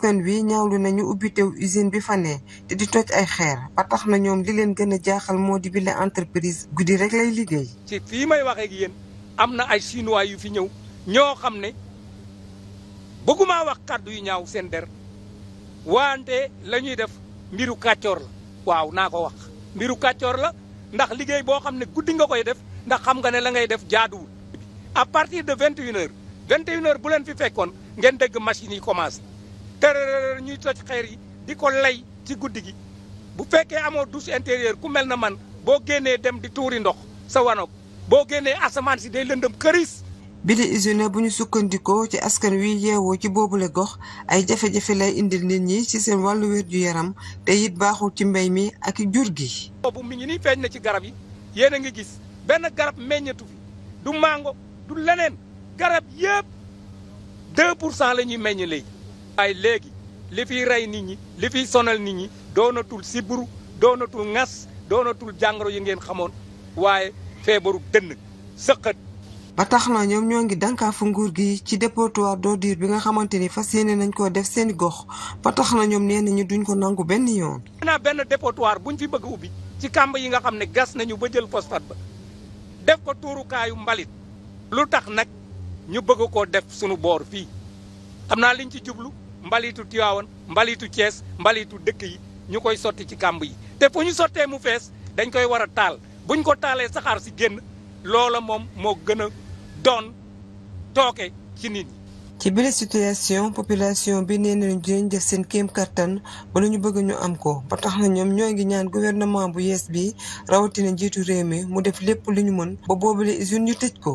askan wi ñaawlu nañu ubbitew usine bi fa ne te di toj ay xeer ba tax na ñoom li leen gën a jaaxal moo di bile entreprise guddi rek lay liggéey. ci fii may waxee ak yéen am na ay chinois yu fi ñëw ñoo xam ne bëgguma wax kàddu yu ñaaw seen der wante la ñuy def mbiru kàccoor la waaw naa ko wax mbiru kàccoor la ndax liggéey boo xam ne guddi nga koy def ndax xam nga ne la ngay def jaaduwul. à partir de vingt et une heures vingt et bu leen fi fekkoon ngeen machines yi commencé. tërërër ñuy toj xeer yi di ko lay ci guddi gi bu fekkee amoo douche intérieure ku mel na man boo génnee dem di tuuri ndox sa wanoog boo génnee asamaan si day lëndëm këris bile usine bu ñu sukkandikoo ci askan wi yeewoo ci boobule gox ay jafe-jafe lay indil nit ñi ci seen wàllu wér ju yaram te it baaxul ci mbéy mi ak i jur gi. boobu mi ngi nii feeñ na ci garab yi yéen a ngi gis benn garab meññatu fi du mango du leneen garab yëpp 2 pour cent la ñuy meññ waaye léegi li fiy rey nit ñi li fiy sonal nit ñi doonatul sibbiru doonatul ngas doonatul jàngoro yi ngeen xamoon waaye feebaru dënn sëqët. ba tax na ñoom ñoo ngi dànkaafu nguur gi ci doo d'ordure bi nga xamante ni fas yéene nañ koo def seen gox ba tax na ñoom nee ñi duñ ko nangu benn yoon. xanaa benn dépotoir buñ fi bëgg ubbi ci kàmb yi nga xam ne gas nañu ba jël phosphate ba def ko tuurukaayu mbalit. lu tax nag ñu bëgg koo def sunu boor fii naa liñ ci jublu. mbalitu Tiwaawan mbaliitu Thiès mbaliitu dëkk yi ñu koy sotti ci kàmb yi te fu ñu sottee mu fees dañ koy war a taal buñ ko taalee saxaar si génn loola moom moo gën a doon tooke ci nit ñi. ci bile situation population bi nee nañu dinañ def seen kéem kartan ba lu ñu bëgg ñu am ko ba tax na ñoom ñoo ngi ñaan gouvernement bu yees bi rawatina njiitu réew mi mu def lépp lu ñu mën ba boobule usine ñu tëj ko.